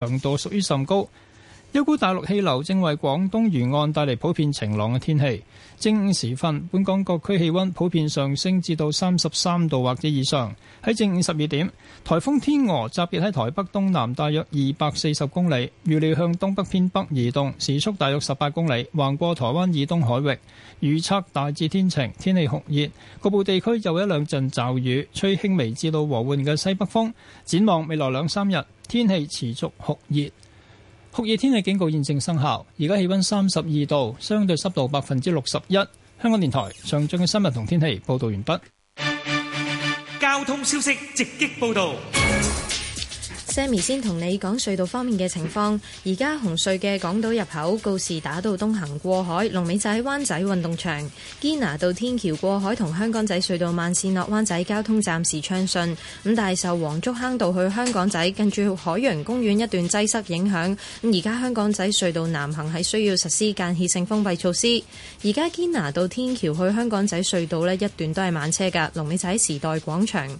強度屬於甚高，一股大陸氣流正為廣東沿岸帶嚟普遍晴朗嘅天氣。正午時分，本港各區氣溫普遍上升至到三十三度或者以上。喺正午十二點，台風天鵝集結喺台北東南大約二百四十公里，預料向東北偏北移動，時速大約十八公里，橫過台灣以東海域。預測大致天晴，天氣酷熱，局部地區有一兩陣驟雨，吹輕微至到和緩嘅西北風。展望未來兩三日。天氣持續酷熱，酷熱天氣警告現正生效。而家氣温三十二度，相對濕度百分之六十一。香港電台上晝嘅新聞同天氣報導完畢。交通消息直擊報導。Sammy 先同你講隧道方面嘅情況，而家紅隧嘅港島入口告示打到東行過海，龍尾仔喺灣仔運動場。堅拿道天橋過海同香港仔隧道慢線落灣仔交通暫時暢順，咁但係受黃竹坑道去香港仔近住海洋公園一段擠塞影響，咁而家香港仔隧道南行係需要實施間歇性封閉措施。而家堅拿道天橋去香港仔隧道咧，一段都係慢車噶，龍尾仔喺時代廣場。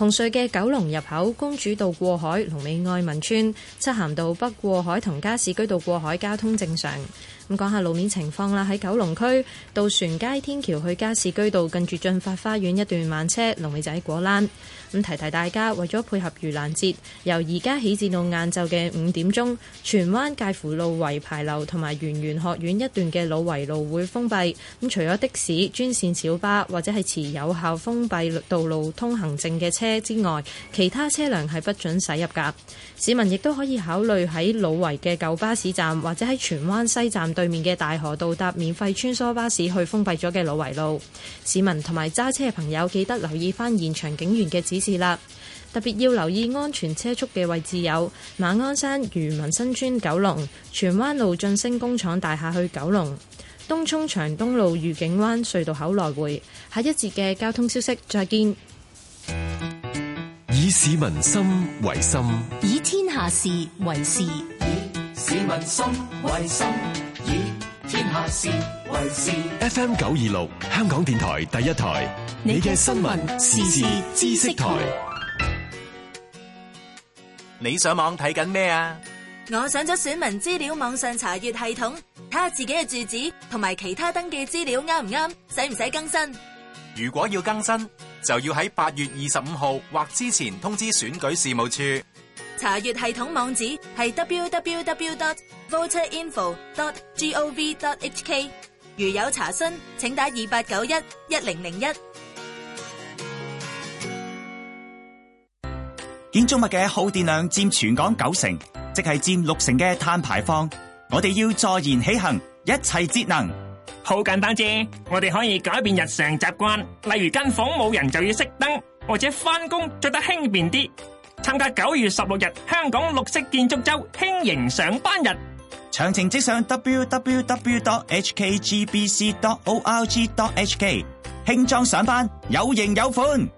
紅隧嘅九龍入口、公主道過海、龍尾愛民村、漆咸道北過海同加士居道過海交通正常。咁講下路面情況啦，喺九龍區渡船街天橋去加士居道近住進發花園一段慢車，龍尾仔果欄。咁提提大家，為咗配合盂蘭節，由而家起至到晏晝嘅五點鐘，荃灣介乎老圍牌樓同埋圓玄學院一段嘅老圍路會封閉。咁除咗的士專線小巴或者係持有效封閉道路通行證嘅車之外，其他車輛係不准駛入噶。市民亦都可以考慮喺老圍嘅舊巴士站或者喺荃灣西站，對面嘅大河道搭免費穿梭巴士去封閉咗嘅老圍路，市民同埋揸車嘅朋友記得留意翻現場警員嘅指示啦。特別要留意安全車速嘅位置有馬鞍山漁民新村、九龍荃灣路晉升工廠大廈去九龍東涌長東路御景灣隧道口來回。下一節嘅交通消息，再見。以市民心為心，以天下事為事，以市民心為心。以天下事為事。FM 九二六，香港電台第一台。你嘅新聞時事知識台。你上網睇緊咩啊？我上咗選民資料網上查閱系統，睇下自己嘅住址同埋其他登記資料啱唔啱，使唔使更新？如果要更新，就要喺八月二十五號或之前通知選舉事務處。查閱系統網址係 www dot voter info dot gov dot hk。如有查詢，請打二八九一一零零一。建築物嘅耗電量占全港九成，即係占六成嘅碳排放。我哋要坐言起行，一切節能好簡單啫。我哋可以改變日常習慣，例如間房冇人就要熄燈，或者翻工，着得輕便啲。參加九月十六日香港綠色建築週輕盈上班日，詳情即上 w w w dot h k g b c dot o r g dot h k，輕裝上班有型有款。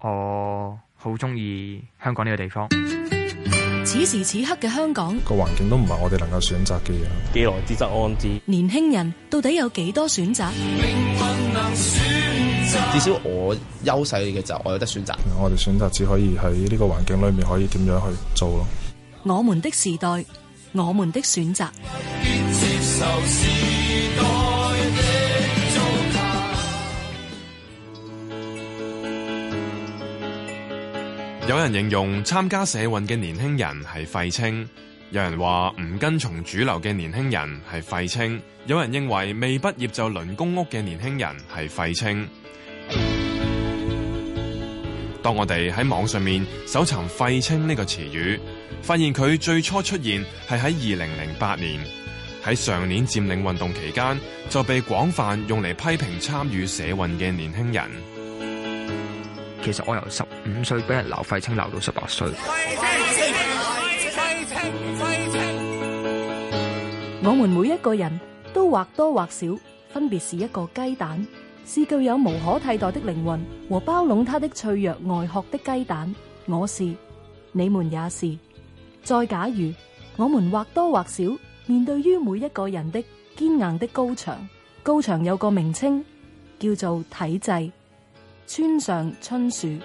我好中意香港呢個地方。此時此刻嘅香港個環境都唔係我哋能夠選擇嘅嘢，既來 之則安之。 年輕人到底有幾多選擇？ 至少我優勢嘅就我有得選擇，我哋選擇只可以喺呢個環境裏面可以點樣去做咯。我們的時代，我們的選擇。有人形容參加社運嘅年輕人係廢青，有人話唔跟從主流嘅年輕人係廢青，有人認為未畢業就輪公屋嘅年輕人係廢青。當我哋喺網上面搜尋“廢青”呢個詞語，發現佢最初出現係喺二零零八年，喺上年占領運動期間就被廣泛用嚟，批評參與社運嘅年輕人。其實我由十五歲俾人鬧廢青，鬧到十八歲。廢青，廢青，廢青。我們每一個人都或多或少，分別是一個雞蛋。是具有無可替代的靈魂和包攏它的脆弱外殼的雞蛋，我是，你們也是。再假如我們或多或少面對於每一個人的堅硬的高牆，高牆有個名稱叫做體制。村上春樹。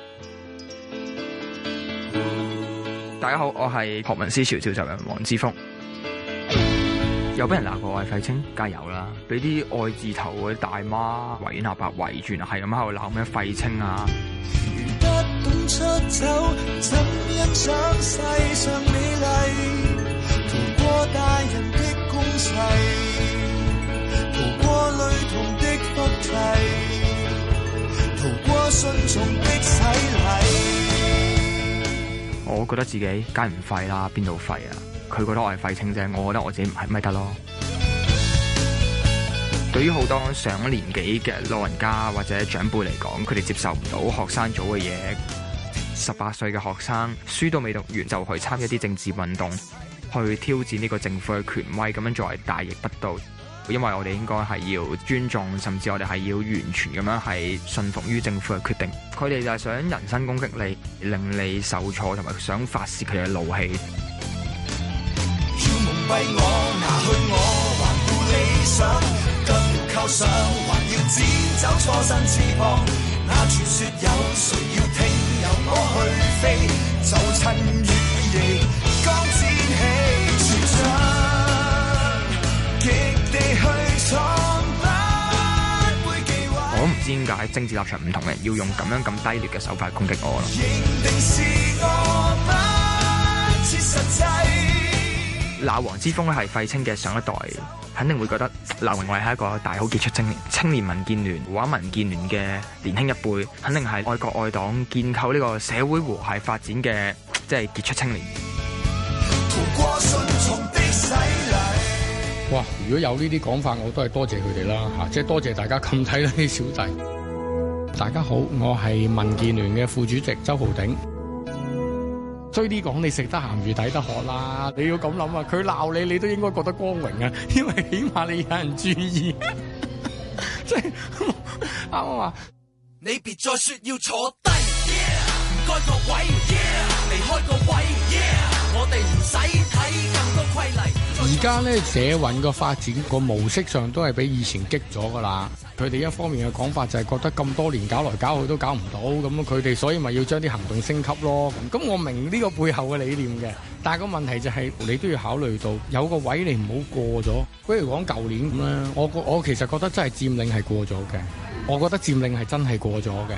大家好，我係學民思潮召集人黃之鋒。又俾人鬧過愛廢青，加油啦！俾啲愛字頭嗰啲大媽圍、圍掩阿伯圍住啊，係咁喺度鬧咩廢青啊！如不懂出走，怎欣賞世上美麗，逃過大人的公廁，逃過類同的福地，逃過順從的洗禮。我覺得自己梗唔廢啦，邊度廢啊？佢覺得我係廢青啫，我覺得我自己唔係咪得咯？ 對於好多上年紀嘅老人家或者長輩嚟講，佢哋接受唔到學生組嘅嘢。十八歲嘅學生，書都未讀完就去參加一啲政治運動，去挑戰呢個政府嘅權威，咁樣作為大逆不道。因為我哋應該係要尊重，甚至我哋係要完全咁樣係信服於政府嘅決定。佢哋就係想人身攻擊你，令你受挫，同埋想發泄佢哋嘅怒氣。為我拿去我，我還顧理想，更要靠上，還要剪走初生翅膀。那傳說有誰要聽？由我去飛，就趁羽翼，剛展起全身，極地去闖，不會技癢。我唔知點解政治立場唔同嘅人要用咁樣咁低劣嘅手法攻擊我啦。認定是我不切實際。那黃之鋒咧係廢青嘅上一代，肯定會覺得劉榮偉係一個大好傑出青年。青年民建聯或民建聯嘅年輕一輩，肯定係愛國愛黨、建構呢個社會和諧發展嘅即係傑出青年。哇！如果有呢啲講法，我都係多謝佢哋啦嚇，即係多謝大家咁睇呢啲小弟。大家好，我係民建聯嘅副主席周浩鼎。追啲講，你食得鹹魚抵得渴啦！你要咁諗啊，佢鬧你，你都應該覺得光榮啊，因為起碼你有人注意。即係啱啊！你別再説要坐低，唔該個位，yeah，yeah, 離開個位。Yeah. 而家咧社運個發展個模式上都係比以前激咗噶啦，佢哋一方面嘅講法就係覺得咁多年搞來搞去都搞唔到，咁佢哋所以咪要將啲行動升級咯。咁我明呢個背後嘅理念嘅，但係個問題就係你都要考慮到有個位你唔好過咗。比如講舊年咁啦，嗯、我我其實覺得真係佔領係過咗嘅，我覺得佔領係真係過咗嘅。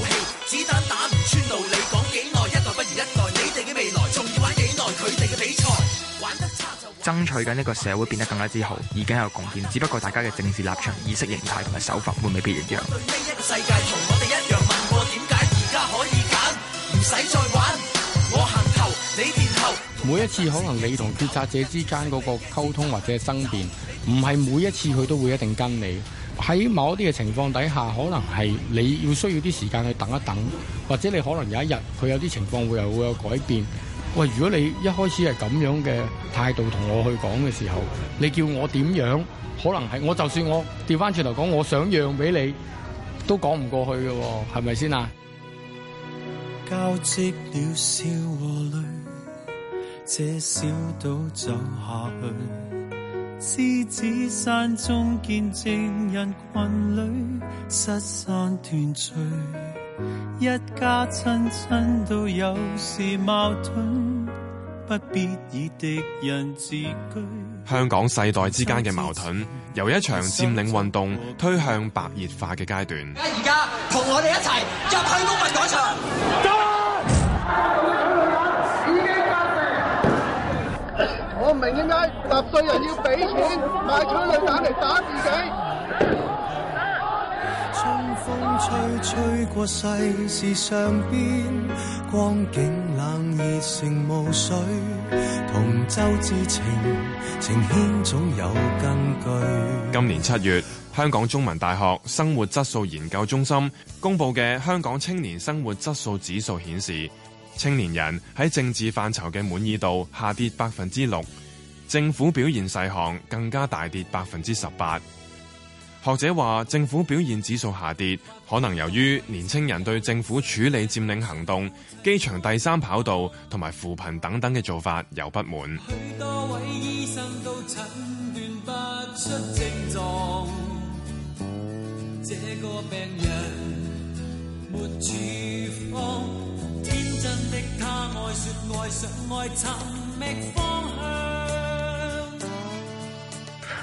爭取緊呢個社會變得更加之好，已經有貢獻，只不過大家嘅政治立場、意識形態同埋手法會未必一樣。每一次可能你同決策者之間嗰個溝通或者爭辯，唔係每一次佢都會一定跟你。喺某一啲嘅情況底下，可能係你要需要啲時間去等一等，或者你可能有一日佢有啲情況會又會有改變。喂，如果你一開始係咁樣嘅態度同我去講嘅時候，你叫我點樣？可能係我就算我調翻轉頭講，我想讓俾你，都講唔過去嘅喎，係咪先啊？一家親親都有時矛盾，不必以敵人自居。香港世代之間嘅矛盾由一場佔領運動推向白熱化嘅階段。而家同我哋一齊入去公民廣場，走，啊！我唔明點解納稅人要俾錢買催淚彈嚟，打嚟打自己。風吹吹過世事上邊，光景冷熱成水。同周志晴，晴天總有根據。今年七月，香港中文大學生活質素研究中心公布嘅香港青年生活質素指數顯示，青年人喺政治範疇嘅滿意度下跌百分之六，政府表現細項更加大跌百分之十八。學者話，政府表現指數下跌，可能由於年輕人對政府處理佔領行動、機場第三跑道同埋扶貧等等嘅做法有不滿。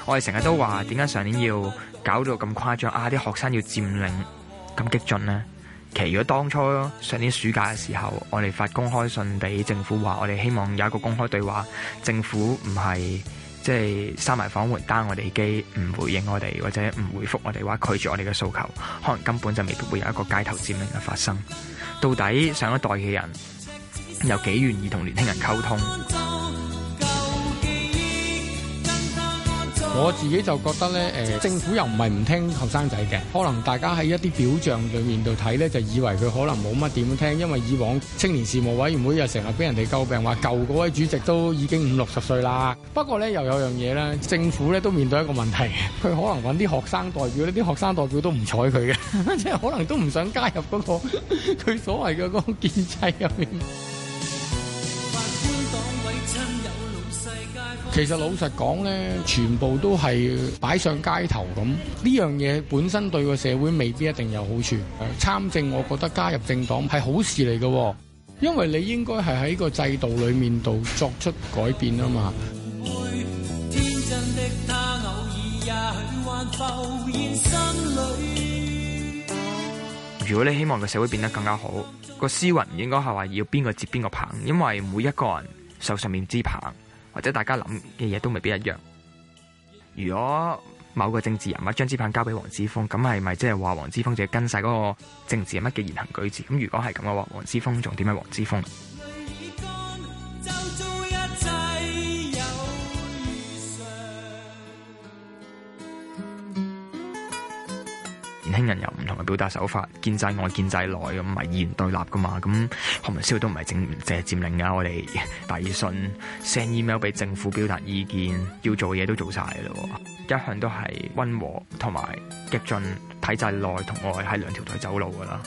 我哋成日都話點解上年要搞到咁誇張啊？啲學生要佔領咁激進呢？其實如果當初上年暑假嘅時候，我哋發公開信俾政府，話我哋希望有一個公開對話，政府唔係即係閂埋房門打我哋機，唔回應我哋或者唔回覆我哋嘅話，拒絕我哋嘅訴求，可能根本就未必會有一個街頭佔領嘅發生。到底上一代嘅人有幾願意同年輕人溝通？我自己就覺得咧，誒、呃、政府又唔係唔聽後生仔嘅，可能大家喺一啲表象裏面度睇咧，就以為佢可能冇乜點聽，因為以往青年事務委員會又成日俾人哋詬病，話舊嗰位主席都已經五六十歲啦。不過咧又有樣嘢咧，政府咧都面對一個問題，佢可能揾啲學生代表，呢啲學生代表都唔睬佢嘅， 即係可能都唔想加入嗰、嗰個佢 所謂嘅嗰個建制入面。其實老實講呢，全部都係擺上街頭咁呢樣嘢，本身對個社會未必一定有好處。參政，我覺得加入政黨係好事嚟嘅、哦，因為你應該係喺個制度裏面度作出改變啊嘛。如果你希望個社會變得更加好，個思維唔應該係話要邊個接邊個棒，因為每一個人手上面支棒。或者大家諗嘅嘢都未必一樣。如果某個政治人物將支棒交俾黃之鋒，咁係咪即係話黃之鋒就要跟晒嗰個政治人物嘅言行舉止？咁如果係咁嘅話，黃之鋒仲點樣黃之鋒？年輕人有唔同嘅表達手法，建制外、建制內咁，唔係議員對立噶嘛？咁，可文社都唔係政，淨係佔領啊！我哋寫信、send email 俾政府表達意見，要做嘢都做晒咯。一向都係溫和同埋激進，體制內同外係兩條腿走路噶啦。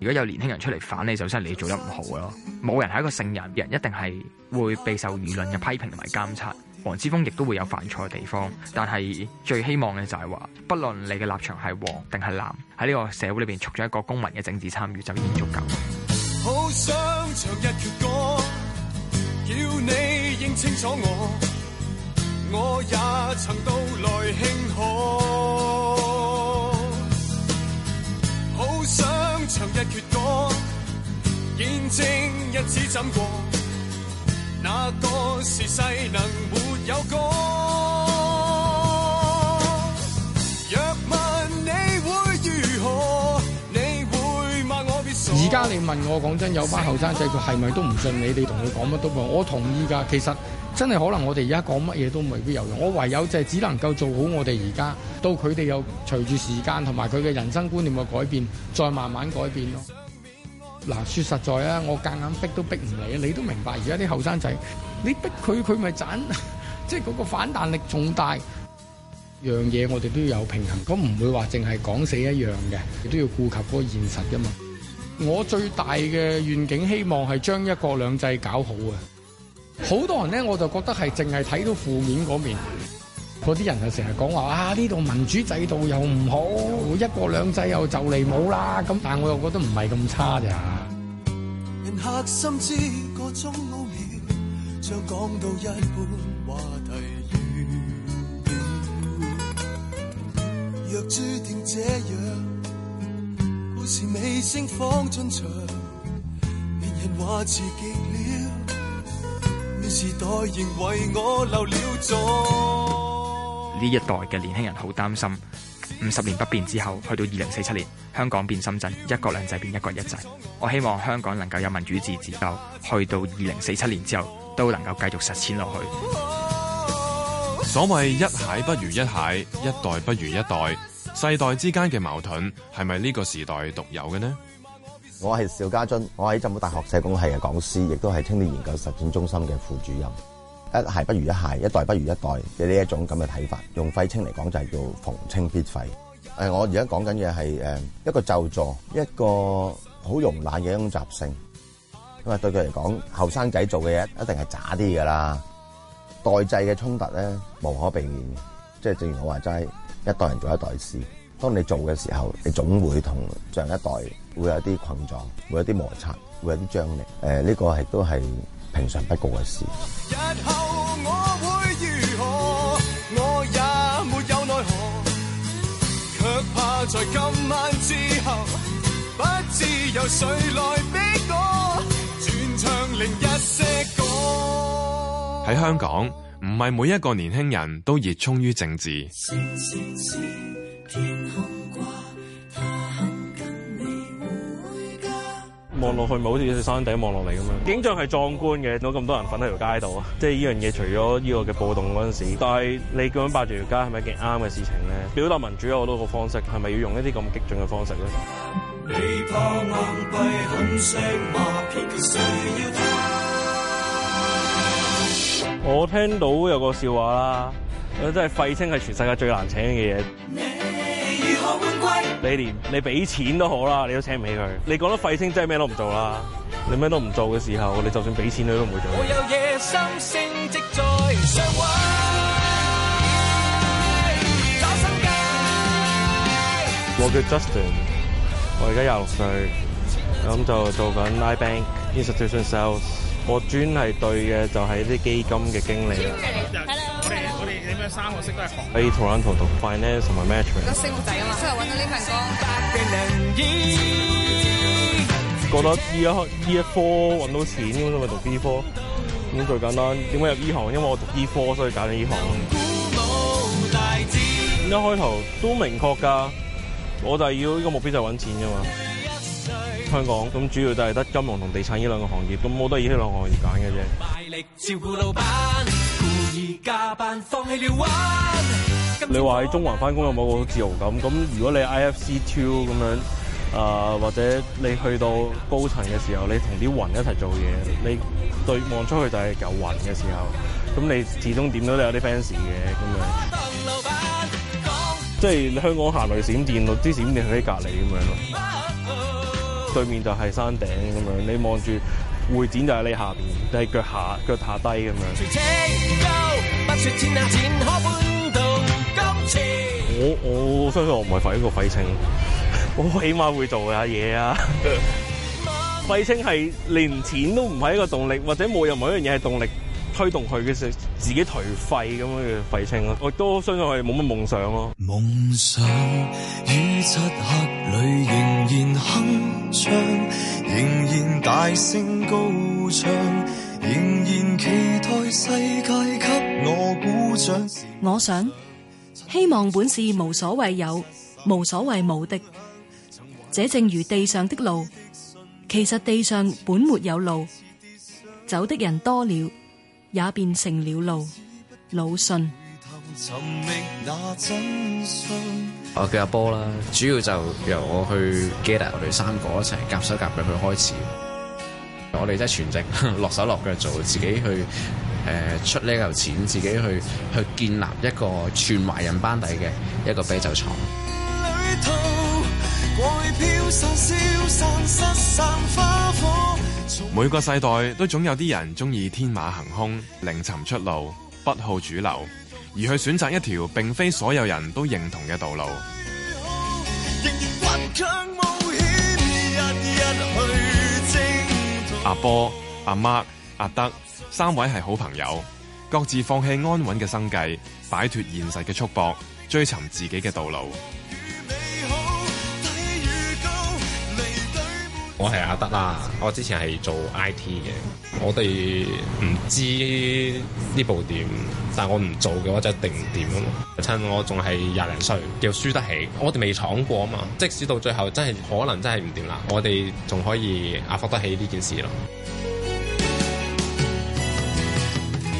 如果有年輕人出嚟反你，首先係你做得唔好咯。冇人係一個聖人，人一定係會備受輿論嘅批評同埋監察。黃之鋒亦都會有犯錯嘅地方，但係最希望嘅就係、是、話，不論你嘅立場係黃定係藍，喺呢個社會裏邊，促進一個公民嘅政治參與就已經足夠。若是世能沒有歌，若問你會如何？我而家你問我講真，有班後生仔佢係咪都唔信你哋同佢講乜都？我我同意噶，其實真係可能我哋而家講乜嘢都未必有用。我唯有就係只能夠做好我哋而家，到佢哋又隨住時間同埋佢嘅人生觀念嘅改變，再慢慢改變咯。嗱，說實在啊，我夾硬逼都逼唔嚟啊，你都明白，而家啲後生仔。你逼佢，佢咪掙， 即係嗰個反彈力仲大。樣嘢我哋都要有平衡，咁唔會話淨係講死一樣嘅，亦都要顧及嗰個現實噶嘛。我最大嘅願景希望係將一國兩制搞好啊！好多人咧，我就覺得係淨係睇到負面嗰面，嗰啲人就成日講話啊！呢度民主制度又唔好，一國兩制又就嚟冇啦咁，但我又覺得唔係咁差咋。人注定故事了，代為我留呢一代嘅年輕人好擔心，五十年不變之後，去到二零四七年，香港變深圳，一國兩制變一國一制。我希望香港能夠有民主自治自治，夠去到二零四七年之後。都能夠繼續實踐落去。所謂一蟹不如一蟹，一代不如一代，世代之間嘅矛盾係咪呢個時代獨有嘅呢？我係邵家俊，我喺浸會大學社工系嘅講師，亦都係青年研究實踐中心嘅副主任。一蟹不如一蟹，一代不如一代嘅呢一種咁嘅睇法，用廢青嚟講就係叫逢青必廢。誒，我而家講緊嘅係誒一個就助，一個好容懶嘅一種習性。因為，對佢嚟講，後生仔做嘅嘢一定係渣啲噶啦，代際嘅衝突咧無可避免，即係正如我話齋，一代人做一代事。當你做嘅時候，你總會同上一代會有啲碰撞，會有啲摩擦，會有啲張力。誒、呃，呢、這個係都係平常不過嘅事。日後我我我。會如何？何。我也沒有奈何，卻怕在今晚之後，不知有誰來逼我喺香港，唔係每一個年輕人都熱衷於政治。望落去咪好似只山頂望落嚟咁樣，景象係壯觀嘅。有咁多人瞓喺條街度，啊。即係呢樣嘢。除咗呢個嘅暴動嗰陣時，但係你咁樣霸住條街，係咪一件啱嘅事情咧？表達民主有好多個方式，係咪要用一啲咁激進嘅方式咧？硬需要我聽到有個笑話啦，真係廢青係全世界最難請嘅嘢。你，如何你連你俾錢都好啦，你都請唔起佢。你講得廢青真係咩都唔做啦，你咩都唔做嘅時候，你就算俾錢佢都唔會做。我有野心，升職上位。我叫 Justin。我而家廿六歲，咁、嗯、就做緊 I Bank Institution Sales。我專係對嘅就係啲基金嘅經理。利我哋我哋三個識都係學。喺 Toronto 讀 Finance 同埋 Management 升唔底啊嘛！出嚟揾到呢份工。覺得依一依一科揾到錢咁都去讀依科、嗯，咁最簡單。點解入依行？因為我讀依科，所以揀咗依行。嗯、一開頭都明確㗎。我就係要呢個目標就係揾錢啫嘛。香港咁主要就係得金融同地產呢兩個行業，咁我都以呢兩個行業揀嘅啫。你話喺中環翻工有冇個自由感？咁如果你 I F C Two 咁樣啊、呃，或者你去到高層嘅時候，你同啲雲一齊做嘢，你對望出去就係有雲嘅時候，咁你始終點都都有啲 fans 嘅咁啊。即係香港行雷閃電咯，啲閃電喺隔離咁樣咯，對面就係山頂咁樣，你望住會展就喺你下面，但、就、係、係、腳下腳下低咁樣。我我相信我唔係廢一個廢青， 我起碼會做下嘢啊！ 廢青係連錢都唔係一個動力，或者冇任何一樣嘢係動力。推動佢嘅時，自己頹廢咁樣嘅廢青咯，我都相信我係冇乜夢想咯。夢想於漆黑裏仍然哼唱，仍然大聲高唱，仍然期待世界給我鼓掌。我想，希望本是無所謂有，無所謂無的，這正如地上的路，其實地上本沒有路，走的人多了。也變成了路。魯迅。我叫阿波啦，主要就由我去 get，我哋三個一齊夾手夾腳去開始。我哋真係全職落手落腳做，自己去誒、呃、出呢嚿錢，自己去去建立一個全華人班底嘅一個啤酒廠。每個世代都總有啲人中意天馬行空，另尋出路，不好主流，而去選擇一條並非所有人都認同嘅道路。 人人道阿波、阿 Mark、阿德三位係好朋友，各自放棄安穩嘅生計，擺脫現實嘅束縛，追尋自己嘅道路。我係阿德啦，我之前係做 IT 嘅，我哋唔知呢部店，但我唔做嘅話就定唔掂啊！趁我仲係廿零歲，叫輸得起，我哋未闖過啊嘛，即使到最後真係可能真係唔掂啦，我哋仲可以壓服得起呢件事咯。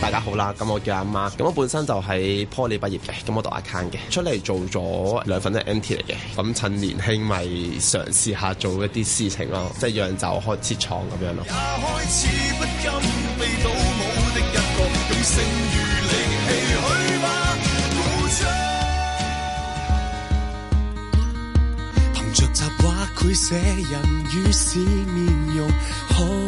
大家好啦，咁我叫阿媽，咁我本身就喺 Poly 畢業嘅，咁我讀 account 嘅，出嚟做咗兩份都係 MT 嚟嘅，咁趁年輕咪嘗試下做一啲事情咯，即係讓就開始闖咁樣咯。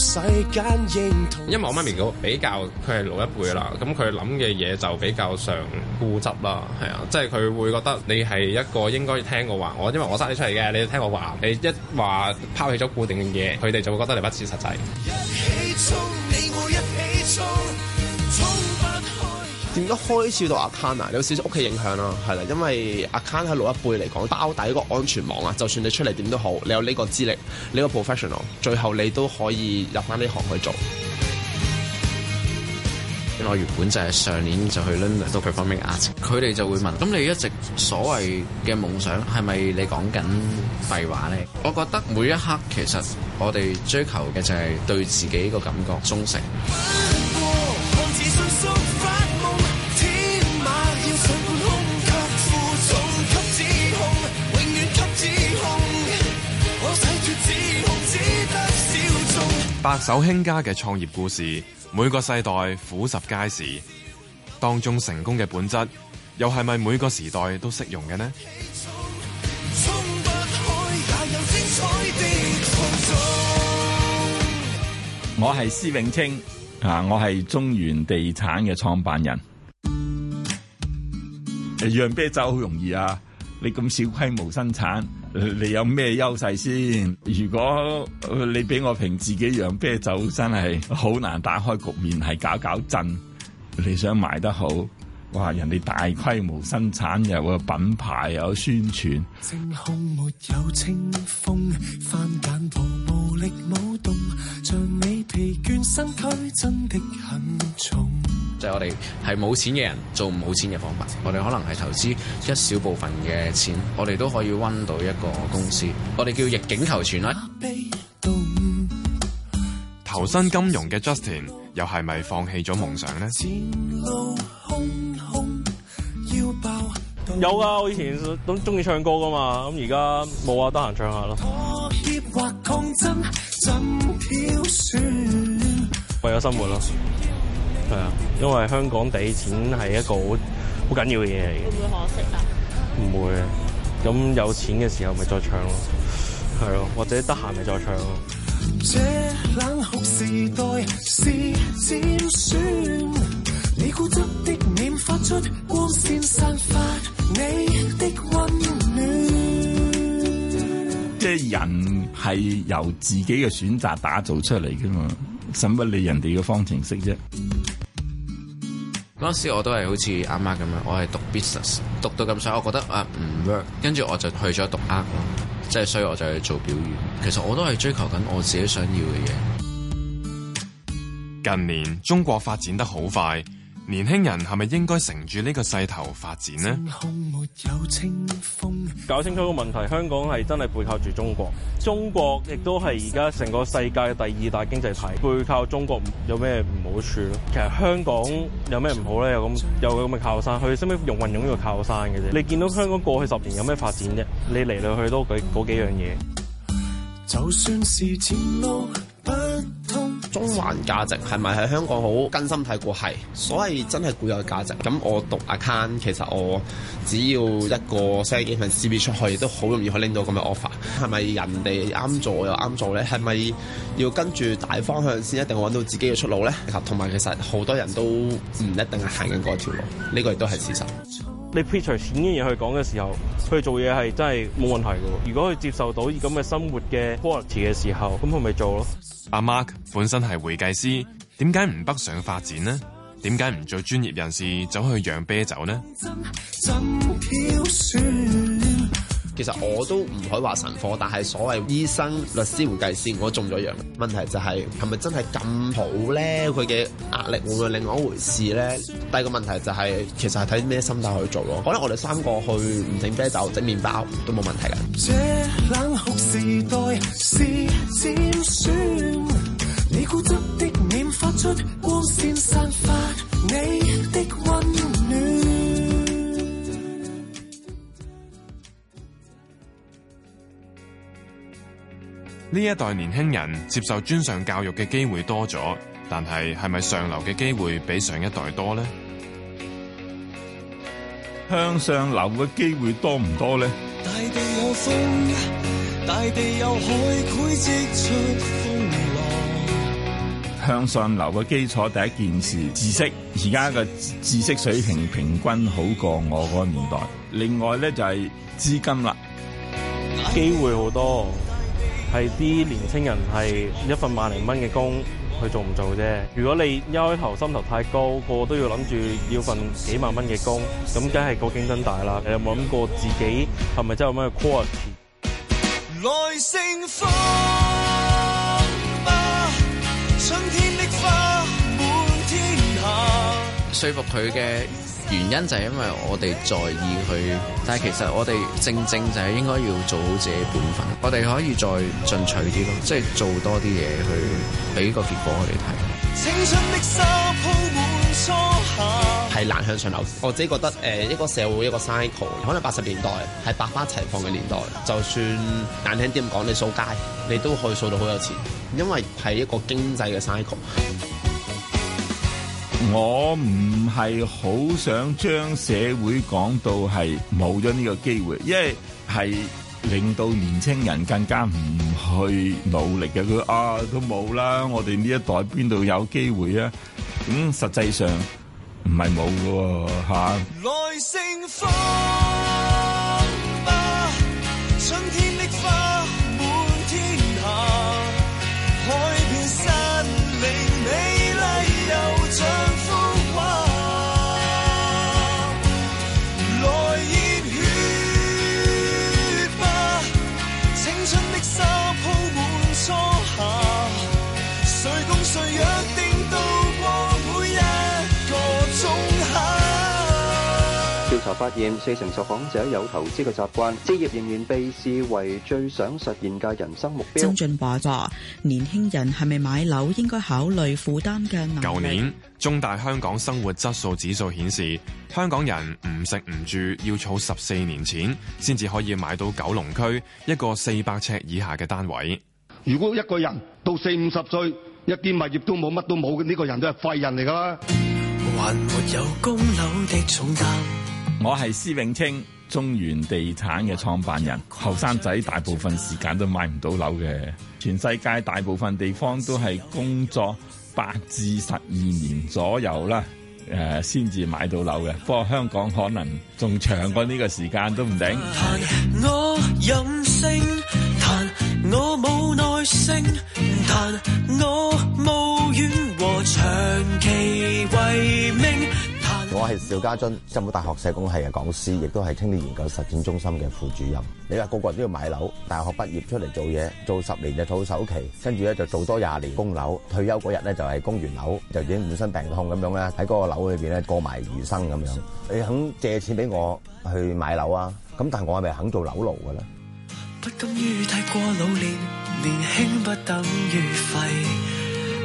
因為我媽咪比較，佢係老一輩啦，咁佢諗嘅嘢就比較上固執啦，係啊，即係佢會覺得你係一個應該聽我話，我因為我生你出嚟嘅，你要聽我話，你一話拋棄咗固定嘅嘢，佢哋就會覺得你不切實際。點解開始到 account 有少少屋企影響咯，係啦，因為 account 喺老一輩嚟講包底個安全網啊，就算你出嚟點都好，你有呢個資歷，呢個 professional，最後你都可以入翻呢行去做。原來原本就係上年就去 London 讀 performing arts 啊，佢哋就會問：咁你一直所謂嘅夢想係咪你講緊廢話呢？」我覺得每一刻其實我哋追求嘅就係對自己個感覺忠誠。白手興家嘅創業故事，每個世代俯拾皆是。當中成功嘅本質，又係咪每個時代都適用嘅呢？我係施永青啊，我係中原地產嘅創辦人。釀啤酒好容易啊！你咁小規模生產，你有咩優勢先？如果你俾我憑自己釀啤酒，真係好難打開局面，係搞搞震。你想賣得好，哇！人哋大規模生產又有品牌，又有宣傳。就係我哋係冇錢嘅人做冇錢嘅方法，我哋可能係投資一小部分嘅錢，我哋都可以温到一個公司。我哋叫逆境求存啦。被動投身金融嘅 Justin 又係咪放棄咗夢想呢？有㗎，我以前都中意唱歌㗎嘛，咁而家冇啊，得閒唱下咯。為咗生活咯。係啊，因為香港地錢係一個會會好好緊要嘅嘢嚟嘅。會唔會可惜啊？唔會。咁有錢嘅時候，咪再唱咯。係咯，或者得閒咪再唱咯。這冷酷時代是尖酸，你固執的臉發出光線，散發你的温暖。即係人係由自己嘅選擇打造出嚟嘅嘛，使乜理人哋嘅方程式啫？嗰時我都係好似阿媽咁樣，我係讀 business，讀到咁上，我覺得啊唔 work，跟住我就去咗讀 art 咯，即係所以我就去做表演。其實我都係追求緊我自己想要嘅嘢。近年中國發展得好快。年輕人係咪應該乘住呢個勢頭發展呢？搞清楚個問題，香港係真係背靠住中國，中國亦都係而家成個世界第二大經濟體，背靠中國有咩唔好處咯？其實香港有咩唔好咧？有咁有咁嘅靠山，佢識唔識用運用呢個靠山嘅啫。你見到香港過去十年有咩發展啫？你嚟嚟去都嗰嗰幾樣嘢。就算是前路不。呃中環價值係咪喺香港好根深蒂固係？所謂真係固有價值。咁我讀阿 account，其實我只要一個 send 幾份 CV 出去，都好容易可以拎到咁嘅 offer。係咪人哋啱做又啱做咧？係咪要跟住大方向先一定揾到自己嘅出路咧？同埋其實好多人都唔一定係行緊嗰條路，呢個亦都係事實。你撇除錢嘅嘢，去講嘅時候，佢做嘢係真係冇問題嘅。如果佢接受到咁嘅生活嘅 quality 嘅時候，咁佢咪做咯。阿 Mark 本身係會計師，點解唔北上發展呢？點解唔做專業人士走去釀啤酒呢？其實我都唔可以話神科，但係所謂醫生、律師、會計師，我中咗樣。問題就係係咪真係咁好咧？佢嘅壓力會唔會另外一回事咧？第二個問題就係、是、其實係睇咩心態去做咯。可能我哋三個去唔整啤酒，整麪包都冇問題嘅。這冷酷時代是呢一代年輕人接受專上教育嘅機會多咗，但係係咪上流嘅機會比上一代多呢？向上流嘅機會多唔多呢？大大地地有有海，出 咧樂？向上流嘅基礎第一件事，知識，而家嘅知識水平平均好過我嗰個年代。另外咧就係、是、資金啦，機會好多。係啲年青人係一份萬零蚊嘅工，佢做唔做啫？如果你一開頭心頭太高，個個都要諗住要份幾萬蚊嘅工，咁梗係個競爭大啦！你有冇諗過自己係咪真係有咩 quality？春天的花，滿天下，説服佢嘅。原因就係因為我哋在意佢，但係其實我哋正正就係應該要做好自己本分，我哋可以再進取啲咯，即係做多啲嘢去俾個結果我哋睇。青春的沙鋪滿係難向上流，我自己覺得誒、呃，一個社會一個 cycle，可能八十年代係百花齊放嘅年代，就算難聽啲咁講，你掃街你都可以掃到好有錢，因為係一個經濟嘅 cycle。我唔係好想將社會講到係冇咗呢個機會，因為係令到年青人更加唔去努力嘅。佢話啊都冇啦，我哋呢一代邊度有機會啊？咁、嗯、實際上唔係冇嘅吓。發現四成受訪者有投資嘅習慣，置業仍然被視為最想實現嘅人生目標。曾俊華話：，年輕人係咪買樓應該考慮負擔嘅能力？舊年中大香港生活質素指數顯示，香港人唔食唔住，要儲十四年錢先至可以買到九龍區一個四百尺以下嘅單位。如果一個人到四五十歲，一啲物業都冇，乜都冇，嘅，呢個人都係廢人嚟噶啦。還沒有供樓的重擔。我係施永青，中原地產嘅創辦人。後生仔大部分時間都買唔到樓嘅，全世界大部分地方都係工作八至十二年左右啦，誒、呃，先至買到樓嘅。不過香港可能仲長過呢個時間都唔定。我係邵家臻，浸大學社工系嘅講師，亦都係青年研究實踐中心嘅副主任。你話個個人都要買樓，大學畢業出嚟做嘢，做十年就套首期，跟住咧就做多廿年供樓，退休嗰日咧就係供完樓，就已經滿身病痛咁樣咧，喺嗰個樓裏邊咧過埋餘生咁樣。你肯借錢俾我去買樓啊？咁但係我係咪肯做樓奴噶咧？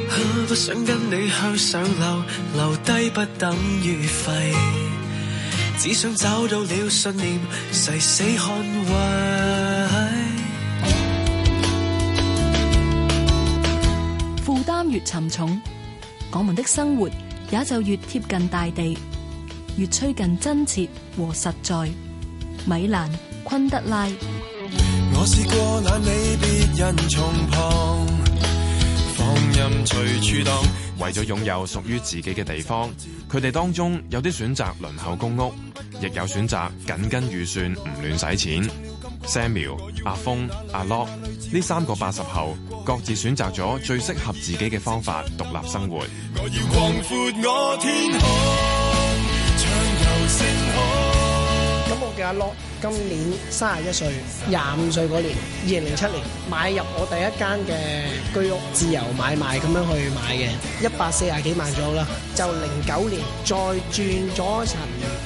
不、啊、想跟你向上流，留低不等於廢，只想找到了信念，誓死捍衛。負擔越沉重，我們的生活也就越貼近大地，越趨近真切和實在。米蘭昆德拉，我試過懶理別人從旁。任隨處蕩，為咗擁有屬於自己嘅地方，佢哋當中有啲選擇輪候公屋，亦有選擇緊跟預算唔亂使錢。Samuel 阿、阿峰、阿 Lock 呢三個八十後，各自選擇咗最適合自己嘅方法獨立生活。我我要廣闊我天空。嘅阿洛今年三十一歲，廿五歲嗰年，二零零七年買入我第一間嘅居屋，自由買賣咁樣去買嘅，一百四廿幾萬左右啦。就零九年再轉咗層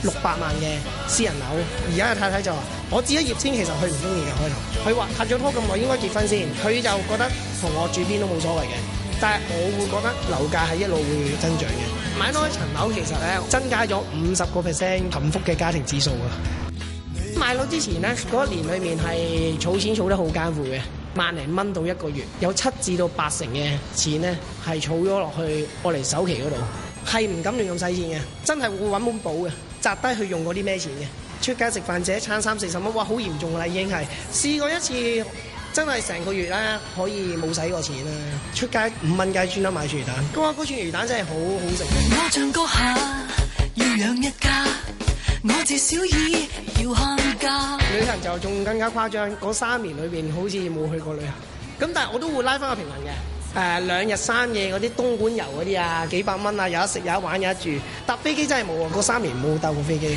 六百萬嘅私人樓，而家嘅太太就話，我置業前其實佢唔中意嘅，開頭佢話拍咗拖咁耐應該結婚先，佢就覺得同我住邊都冇所謂嘅。但係我會覺得樓價係一路會增長嘅。買多一層樓其實咧增加咗五十個 percent 幸福嘅家庭指數啊！買樓之前咧，嗰一年裏面係儲錢儲得好艱苦嘅，萬零蚊到一個月，有七至到八成嘅錢咧係儲咗落去，我嚟首期嗰度，係唔敢亂咁使錢嘅，真係會揾本保嘅，擲低去用嗰啲咩錢嘅，出街食飯者一餐三四十蚊，哇，好嚴重啦已經係，試過一次真係成個月咧可以冇使過錢啦，出街五蚊雞專登買串魚蛋，嗰個嗰串魚蛋真係好好食。我唱歌下，要養一家。我至少要要慳家。旅行就仲更加誇張，三年裏邊好似冇去過旅行。咁但係我都會拉翻個平衡嘅，誒兩日三夜嗰啲東莞遊嗰啲啊，幾百蚊啊，有得食、有得玩、有得住，搭飛機真係冇啊，三年冇搭過飛機。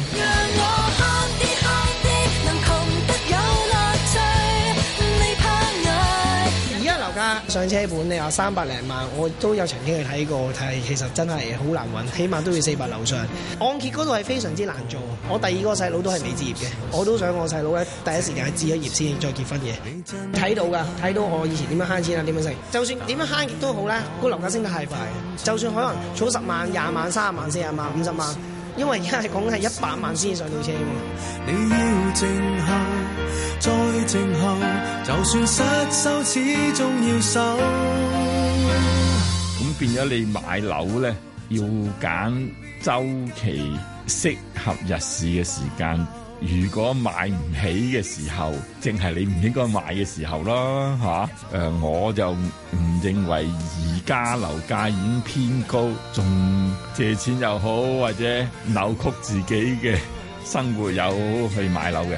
上車盤你話三百零萬，我都有曾經去睇過，但係其實真係好難揾，起碼都要四百樓上。按揭嗰度係非常之難做。我第二個細佬都係未置業嘅，我都想我細佬咧第一時間置咗業先再結婚嘅。睇到㗎，睇到我以前點樣慳錢啊，點樣食。就算點樣慳亦都好咧，個樓價升得係快。就算可能儲十萬、廿萬、三十萬、四十萬、五十萬。因為而家係講緊係一百萬先上到車㗎嘛。你要靜候，再靜候，就算失收，始終要收。咁變咗你買樓咧，要揀周期適合入市嘅時間。如果買唔起嘅時候，正係你唔應該買嘅時候咯，嚇！誒，我就唔認為而家樓價已經偏高，仲借錢又好，或者扭曲自己嘅生活又好，去買樓嘅。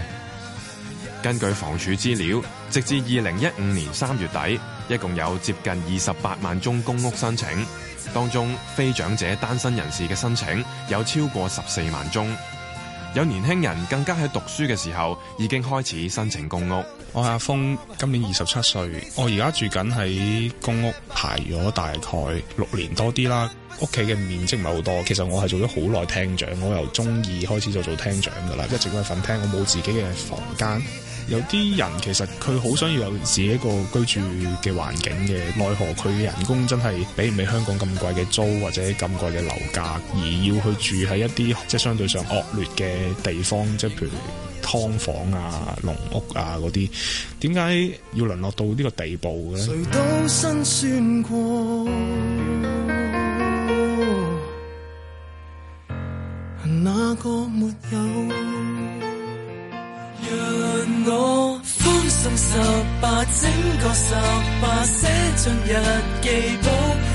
根據房署資料，直至二零一五年三月底，一共有接近二十八萬宗公屋申請，當中非長者單身人士嘅申請有超過十四萬宗。有年輕人更加喺讀書嘅時候已經開始申請公屋。我係阿峰，今年二十七歲，我而家住緊喺公屋，排咗大概六年多啲啦。屋企嘅面積唔係好多，其實我係做咗好耐廳長，我由中二開始就做廳長噶啦，一直都係瞓廳，我冇自己嘅房間。有啲人其實佢好想要有自己一個居住嘅環境嘅，奈何佢人工真係比唔起香港咁貴嘅租或者咁貴嘅樓價，而要去住喺一啲即係相對上惡劣嘅地方，即係譬如劏房啊、農屋啊嗰啲，點解要淪落到呢個地步嘅咧？誰都辛酸過，哪個沒有讓我歡送十八，整個十八寫進日記簿。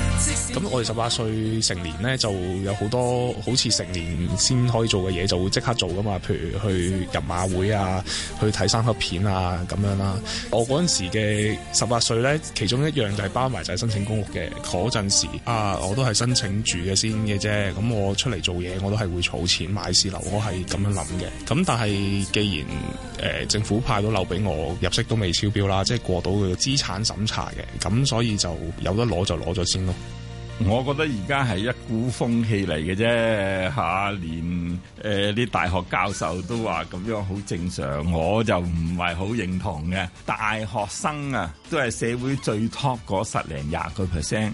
咁我哋十八歲成年呢，就有好多好似成年先可以做嘅嘢，就會即刻做噶嘛。譬如去入馬會啊，去睇三級片啊咁樣啦，啊。我嗰陣時嘅十八歲呢，其中一樣就係包埋就係申請公屋嘅嗰陣時啊，我都係申請住嘅先嘅啫。咁我出嚟做嘢，我都係會儲錢買私樓，我係咁樣諗嘅。咁但係既然，呃、政府派到樓俾我，入息都未超標啦，即係過到佢嘅資產審查嘅，咁所以就有得攞就攞咗先咯。我覺得而家係一股風氣嚟嘅啫嚇，連誒啲、呃、大學教授都話咁樣好正常，我就唔係好認同嘅。大學生啊，都係社會最 top 嗰十零廿個 percent。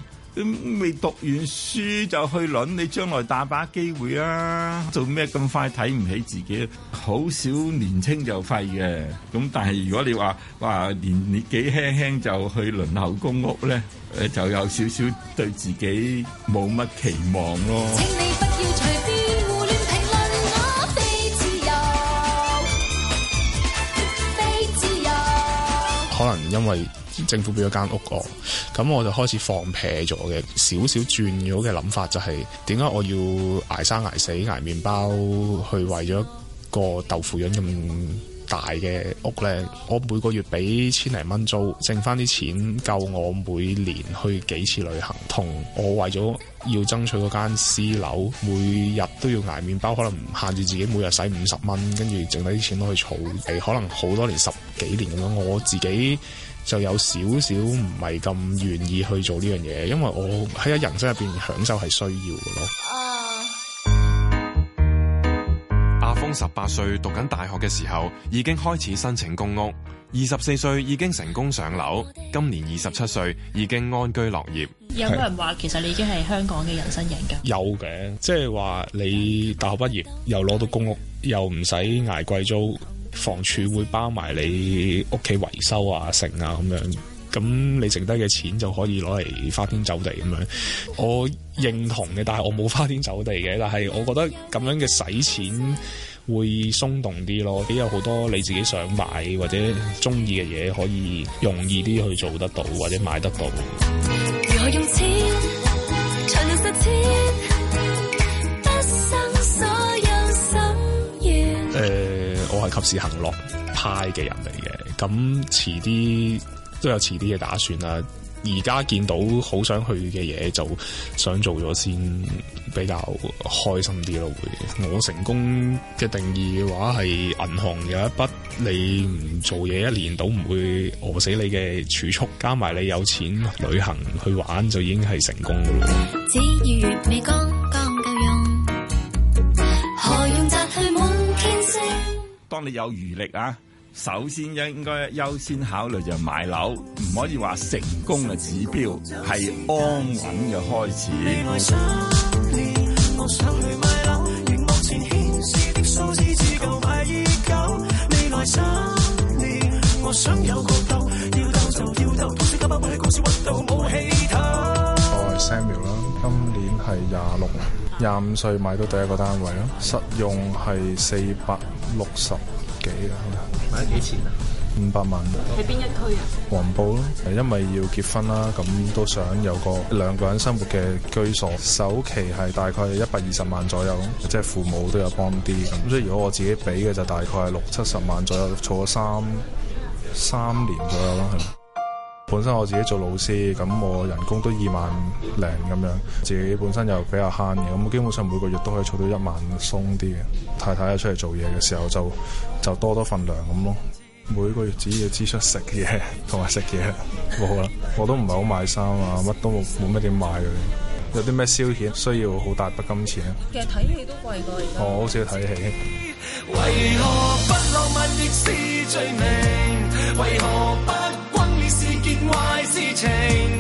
未讀完書就去輪，你將來大把機會啊！做咩咁快睇唔起自己？好少年青就廢嘅。咁但係如果你話哇年紀幾輕輕就去輪候公屋咧，誒就有少少對自己冇乜期望咯。請你不要隨便胡亂評論我，非自由，非自由。可能因為。政府俾咗間屋我，咁我就開始放屁咗嘅少少轉咗嘅諗法就係點解我要捱生捱死捱麪包去為咗個豆腐潤咁大嘅屋呢？我每個月俾千零蚊租，剩翻啲錢夠我每年去幾次旅行，同我為咗要爭取嗰間私樓，每日都要捱麪包，可能限住自己每日使五十蚊，跟住剩低啲錢攞去儲，誒可能好多年十幾年咁樣，我自己。就有少少唔係咁願意去做呢樣嘢，因為我喺人生入邊享受係需要嘅咯。啊、阿峰十八歲讀緊大學嘅時候，已經開始申請公屋；二十四歲已經成功上樓；今年二十七歲已經安居樂業。有冇人話其實你已經係香港嘅人生贏家？有嘅，即係話你大學畢業又攞到公屋，又唔使挨貴租。房署會包埋你屋企維修啊、剩啊咁樣，咁你剩低嘅錢就可以攞嚟花天酒地咁樣。我認同嘅，但係我冇花天酒地嘅。但係我覺得咁樣嘅使錢會鬆動啲咯，畀有好多你自己想買或者鍾意嘅嘢可以容易啲去做得到或者買得到。及時行樂派嘅人嚟嘅，咁遲啲都有遲啲嘅打算啦。而家見到好想去嘅嘢，就想做咗先，比較開心啲咯。會我成功嘅定義嘅話，係銀行有一筆你唔做嘢一年都唔會餓死你嘅儲蓄，加埋你有錢旅行去玩，就已經係成功噶咯。至於美當你有餘力啊，首先應該優先考慮就買樓，唔可以話成功嘅指標係功安穩嘅開始。未來三年我想去買樓，我係 Samuel 啦，今年係廿六。廿五歲買到第一個單位咯，實用係四百六十幾啊，買咗幾錢啊？五百萬，喺邊一區啊？黃埔咯，因為要結婚啦，咁都想有個兩個人生活嘅居所。首期係大概一百二十萬左右，即係父母都有幫啲咁，所以如果我自己俾嘅就大概係六七十萬左右，儲咗三三年左右啦，係咪？本身我自己做老師，咁我人工都二萬零咁樣，自己本身又比較慳嘅，咁基本上每個月都可以儲到一萬鬆啲嘅。太太又出嚟做嘢嘅時候就，就就多多份糧咁咯。每個月只要支出食嘢同埋食嘢，好啦，我都唔係好買衫啊，乜都冇冇咩點買嘅。有啲咩消遣需要好大筆金錢啊？其實睇戲都貴噶而家。我好少睇戲。為何不浪漫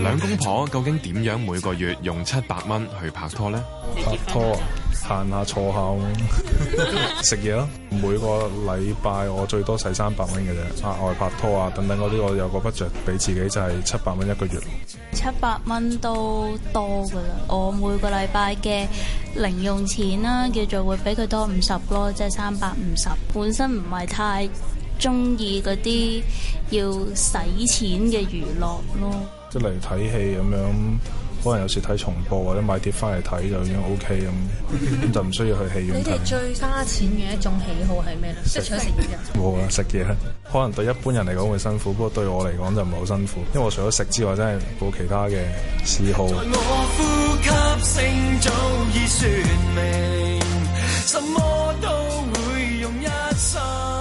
兩公婆究竟點樣每個月用七百蚊去拍拖呢？拍拖，行下坐下，食嘢咯。每個禮拜我最多使三百蚊嘅啫，額、啊、外拍拖啊等等嗰啲我有個 budget，俾自己就係七百蚊一個月。七百蚊都多噶啦，我每個禮拜嘅零用錢啦、啊，叫做會俾佢多五十咯，即係三百五十，本身唔係太。中意嗰啲要使錢嘅娛樂咯，即係例如睇戲咁樣，可能有時睇重播或者買碟翻嚟睇就已經 OK 咁，咁 就唔需要去戲院。你哋最花錢嘅一種喜好係咩咧？即係食嘢冇啊，食嘢 可能對一般人嚟講會辛苦，不過對我嚟講就唔係好辛苦，因為我除咗食之外真係冇其他嘅嗜好。我呼吸性早已說明什麼都會用一生。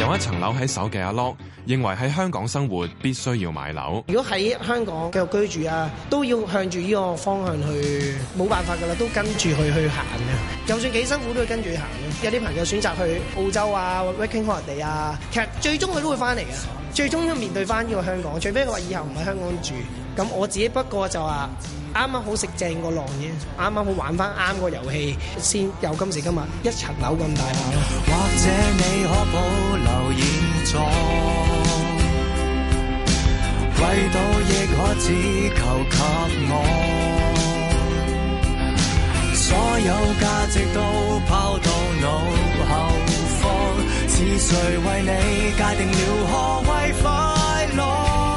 有一層樓喺手嘅阿樂認為喺香港生活必須要買樓。如果喺香港繼續居住啊，都要向住呢個方向去，冇辦法噶啦，都跟住去去行嘅。就算幾辛苦都要跟住行。有啲朋友選擇去澳洲啊、working holiday 啊，其實最終佢都會翻嚟嘅。最終要面對翻呢個香港，除非佢話以後唔喺香港住。咁我自己不過就話，啱啱好食正個狼嘢，啱啱好玩翻啱個遊戲，先有今時今日一層樓，一層樓咁大下。或者你可保留現狀，為到亦可只求給我，所有價值都拋到腦後方，是誰為你界定了何謂快樂？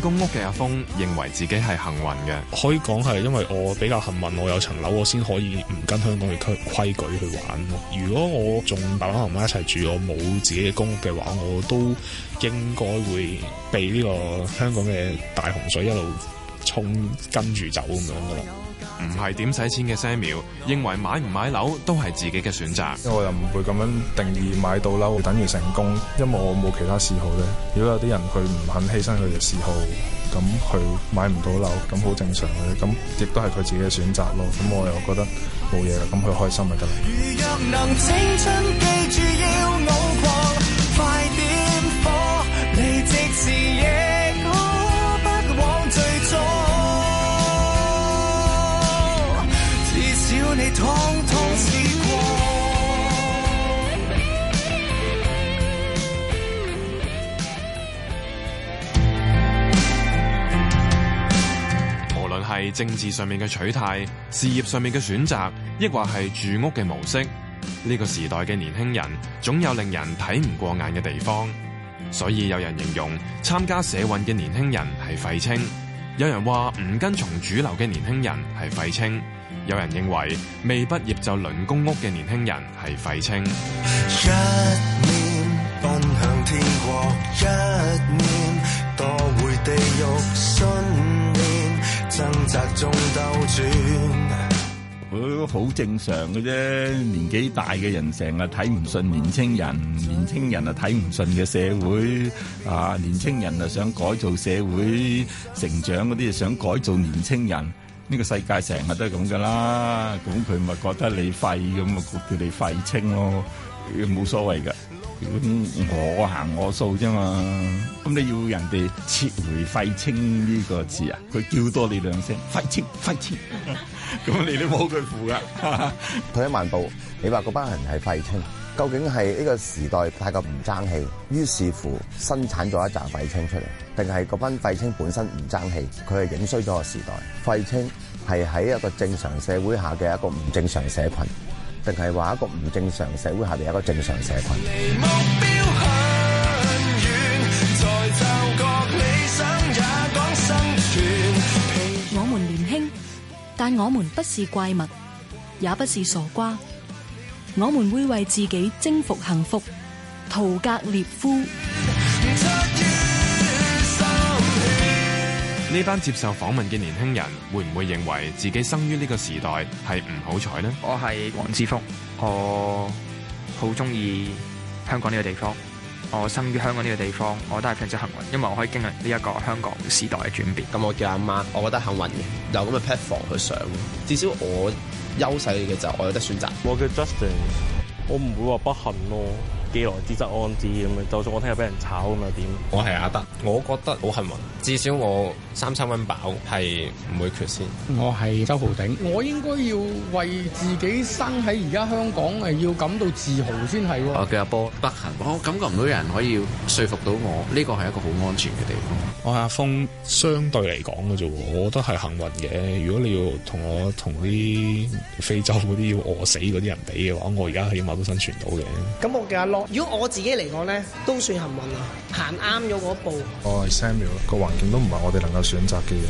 公屋嘅阿峰認為自己係幸運嘅，可以講係因為我比較幸運，我有層樓，我先可以唔跟香港嘅規規矩去玩。如果我仲爸爸媽媽一齊住，我冇自己嘅公屋嘅話，我都應該會被呢個香港嘅大洪水一路沖跟住走咁樣噶啦。唔係點使錢嘅 Samuel 認為買唔買樓都係自己嘅選擇，因為我又唔會咁樣定義買到樓等於成功，因為我冇其他嗜好咧。如果有啲人佢唔肯犧牲佢嘅嗜好，咁佢買唔到樓，咁好正常嘅，咁亦都係佢自己嘅選擇咯。咁我又覺得冇嘢啦，咁佢開心咪得啦。通通無論係政治上面嘅取態、事業上面嘅選擇，亦或係住屋嘅模式，呢個時代嘅年輕人總有令人睇唔過眼嘅地方。所以有人形容參加社運嘅年輕人係廢青，有人話唔跟從主流嘅年輕人係廢青。有人認為未畢業就輪公屋嘅年輕人係廢青。一面奔向天國，一面躲回地獄，信念掙扎中兜轉。誒，好正常嘅啫。年紀大嘅人成日睇唔順年青人，年青人啊睇唔順嘅社會啊，年青人啊想改造社會，成長嗰啲啊想改造年青人。呢個世界成日都係咁噶啦，咁佢咪覺得你廢，咁咪叫你廢青咯，冇所謂噶，咁我行我素啫嘛。咁你要人哋撤回廢青呢個字啊，佢叫多你兩聲廢青廢青，咁 你都冇佢負噶。退一萬步，你話嗰班人係廢青。究竟係呢個時代太過唔爭氣，於是乎生產咗一紮廢青出嚟，定係嗰班廢青本身唔爭氣，佢係影衰咗個時代？廢青係喺一個正常社會下嘅一個唔正常社群，定係話一個唔正常社會下嘅一個正常社群？我們年輕，但我們不是怪物，也不是傻瓜。.我們會為自己征服幸福。圖格列夫。呢班接受訪問嘅年輕人會唔會認為自己生於呢個時代係唔好彩呢？我係黃之福，我好中意香港呢個地方。我生於香港呢個地方，我都係非常之幸運，因為我可以經歷呢一個香港時代嘅轉變。咁我叫阿媽，媽，我覺得幸運嘅，有咁嘅 platform 去上，至少我。優勢嘅就我有得選擇。我叫 Justin，我唔會話不幸咯。既來之則安之咁樣，就算我聽日俾人炒咁又點？我係阿德，我覺得好幸運，至少我三餐温飽係唔會缺先、嗯。我係周浩鼎，我應該要為自己生喺而家香港係要感到自豪先係喎。我叫阿波，不幸我感覺唔到有人可以說服到我，呢個係一個好安全嘅地方。我係阿峰，相對嚟講嘅啫，我覺得係幸運嘅。如果你要同我同啲非洲嗰啲要餓死嗰啲人比嘅話，我而家起碼都生存到嘅。咁我叫阿樂。如果我自己嚟講咧，都算幸運啊，行啱咗嗰步。哦，Samuel，個環境都唔係我哋能夠選擇嘅嘢，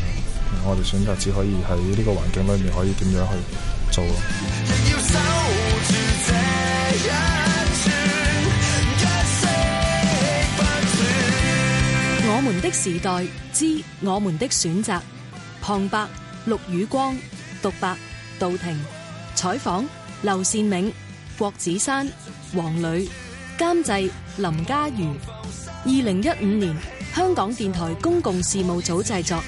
我哋選擇只可以喺呢個環境裏面可以點樣去做咯。我們的時代之我們的選擇，旁白：陸宇光，獨白：杜婷，採訪：劉善銘、郭子山、黃磊。監製林嘉如，二零一五年香港電台公共事務組製作。